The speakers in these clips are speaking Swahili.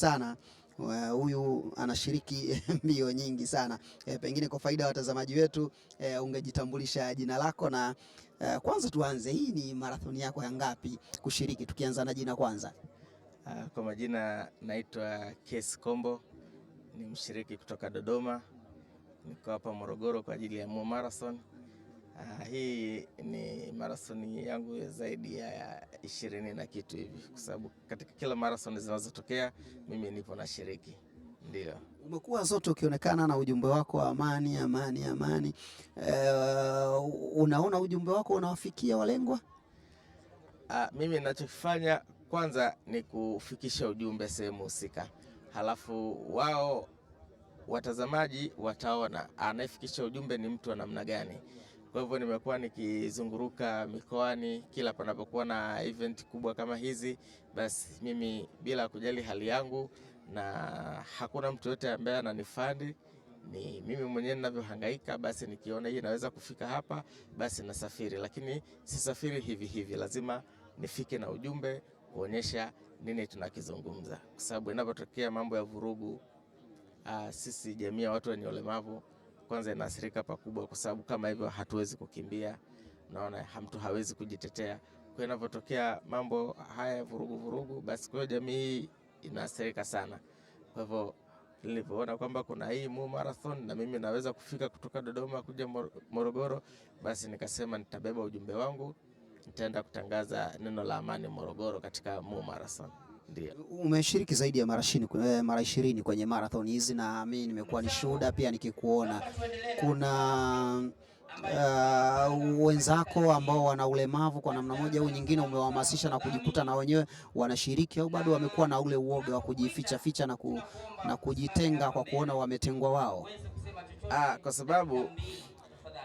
sana eh, huyu anashiriki mbio nyingi sana e, pengine kwa faida ya watazamaji wetu e, ungejitambulisha jina lako na uh, kwanza tuanze, hii ni marathoni yako ya ngapi kushiriki? Tukianza na jina kwanza. Ah, kwa majina naitwa Kesi Kombo, ni mshiriki kutoka Dodoma, niko hapa Morogoro kwa ajili ya Mo Marathon. Ah, hii ni marathon yangu zaidi ya ishirini na kitu hivi, kwa sababu katika kila marathon zinazotokea mimi nipo na shiriki. Ndio umekuwa zote ukionekana na ujumbe wako wa amani, amani, amani. Uh, unaona ujumbe wako unawafikia walengwa? Uh, mimi ninachokifanya kwanza ni kufikisha ujumbe sehemu husika, halafu wao watazamaji wataona anayefikisha ujumbe ni mtu wa namna gani. Kwa hivyo nimekuwa nikizunguruka mikoani kila panapokuwa na event kubwa kama hizi, basi mimi bila kujali hali yangu, na hakuna mtu yote ambaye ananifandi, ni mimi mwenyewe ninavyohangaika, basi nikiona hii inaweza kufika hapa, basi nasafiri. Lakini sisafiri hivi hivi, lazima nifike na ujumbe kuonyesha nini tunakizungumza, kwa sababu inapotokea mambo ya vurugu, aa, ah, sisi jamii ya watu wenye ulemavu kwanza inaathirika pakubwa, kwa sababu kama hivyo hatuwezi kukimbia, naona mtu hawezi kujitetea. Kwa inavyotokea mambo haya ya vurugu vurugu, basi kwa jamii inaathirika sana. Kwa hivyo nilivyoona kwamba kuna hii Mu Marathon na mimi naweza kufika kutoka Dodoma kuja Morogoro, basi nikasema nitabeba ujumbe wangu, nitaenda kutangaza neno la amani Morogoro katika Mu Marathon. Umeshiriki zaidi ya eh, mara ishirini kwenye marathon hizi na mimi nimekuwa ni shuhuda pia nikikuona. Kuna uh, wenzako ambao wana ulemavu kwa namna moja au nyingine, umewahamasisha na kujikuta na wenyewe wanashiriki, au bado wamekuwa na ule uoga wa kujificha ficha na, ku, na kujitenga kwa kuona wametengwa wao? Ah, kwa sababu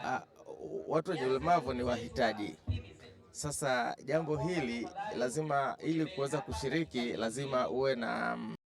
ah, watu wenye ulemavu ni wahitaji sasa jambo hili lazima, ili kuweza kushiriki lazima uwe na